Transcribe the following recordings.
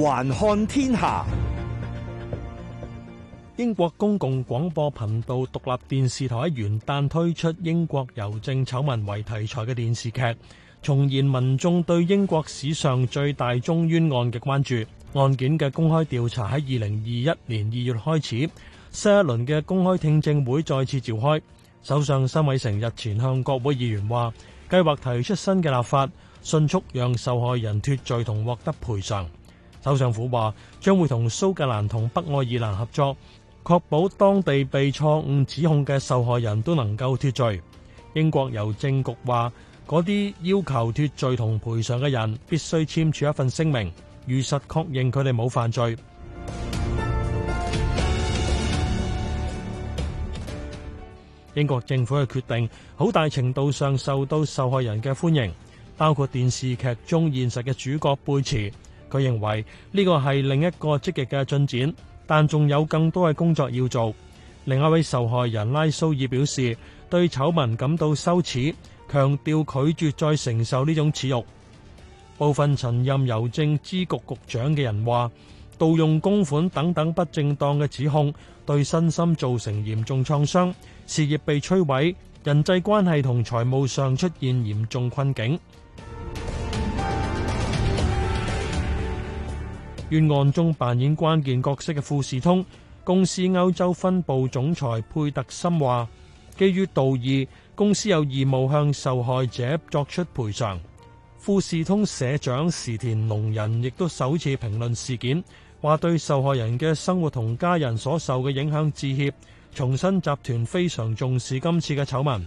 環看天下，英國公共廣播頻道獨立電視台喺元旦推出英國郵政醜聞為題材嘅電視劇，重現民眾對英國史上最大宗冤案嘅關注。案件嘅公開調查喺二零二一年二月開始，新一輪嘅公開聽證會再次召開。首相辛偉誠日前向國會議員話，計劃提出新嘅立法，迅速讓受害人脫罪同獲得賠償。首相府話將會同蘇格蘭同北愛爾蘭合作，確保當地被錯誤指控嘅受害人都能夠脫罪。英國郵政局話，嗰啲要求脫罪同賠償嘅人必須簽署一份聲明，如實確認佢哋冇犯罪。英國政府嘅決定好大程度上受到受害人嘅歡迎，包括電視劇中現實嘅主角貝茨。佢認為呢個係另一個積極嘅進展，但仲有更多嘅工作要做。另一位受害人拉蘇爾表示對醜聞感到羞恥，強調拒絕再承受呢種恥辱。部分曾任郵政支局局長嘅人話，盜用公款等等不正當嘅指控對身心造成嚴重創傷，事業被摧毀，人際關係同財務上出現嚴重困境。冤案中扮演關鍵角色嘅富士通公司歐洲分部總裁佩特森話，基於道義，公司有義務向受害者作出賠償。富士通社長時田隆仁亦都首次評論事件，話對受害人嘅生活同家人所受嘅影響致歉，重申集團非常重視今次嘅醜聞。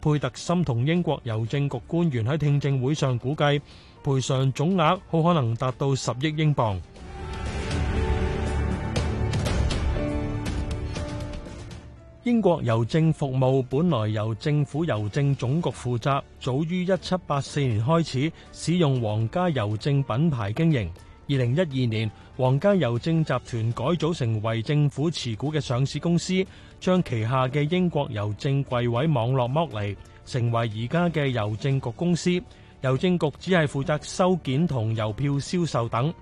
佩特森同英國郵政局官員喺聽證會上估計，賠償總額好可能達到十億英鎊。英國郵政服務本來由政府郵政總局負責，早於一七八四年開始使用皇家郵政品牌經營。二零一二年，皇家郵政集團改組成為政府持股嘅上市公司，將旗下嘅英國郵政櫃位網絡剝離，成為而家嘅郵政局公司。郵政局只係負責收件同郵票銷售等。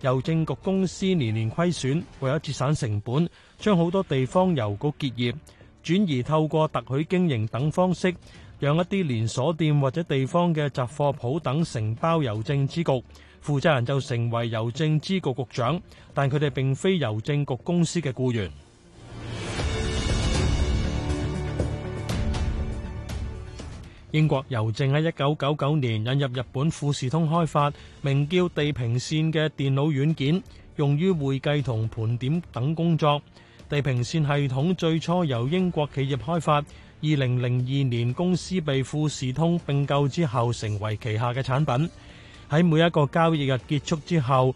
郵政局公司年年虧損，為咗節省成本，將好多地方郵局結業，轉而透過特許經營等方式，讓一啲連鎖店或者地方嘅雜貨鋪等承包郵政支局，負責人就成為郵政支局局長，但佢哋並非郵政局公司嘅僱員。英國郵政喺一九九九年引入日本富士通開發，名叫地平線嘅電腦軟件，用於會計同盤點等工作。地平線系統最初由英國企業開發，二零零二年公司被富士通併購之後，成為旗下嘅產品。喺每一個交易日結束之後，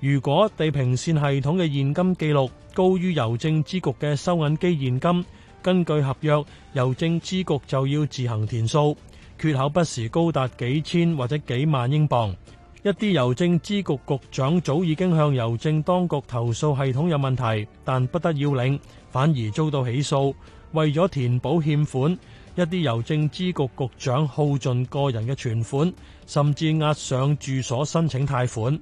如果地平線系統嘅現金記錄高於郵政支局嘅收銀機現金。根據合約，郵政支局就要自行填數，缺口不時高達幾千或者幾萬英鎊。一啲郵政支局局長早已經向郵政當局投訴系統有問題，但不得要領，反而遭到起訴。為咗填補欠款，一啲郵政支局局長耗盡個人嘅存款，甚至押上住所申請貸款。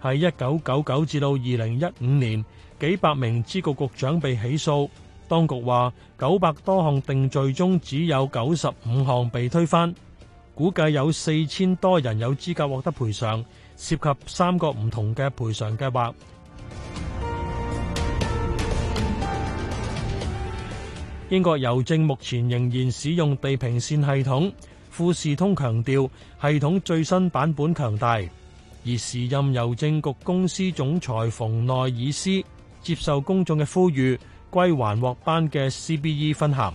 喺一九九九至到二零一五年，幾百名支局局長被起訴。當局話九百多項定罪中，只有九十五項被推翻。估計有四千多人有資格獲得賠償，涉及三個唔同嘅賠償計劃。英國郵政目前仍然使用地平線系統，富士通強調系統最新版本強大。而時任郵政局公司總裁馮奈爾斯接受公眾嘅呼籲，歸還獲頒嘅 CBE 勳銜。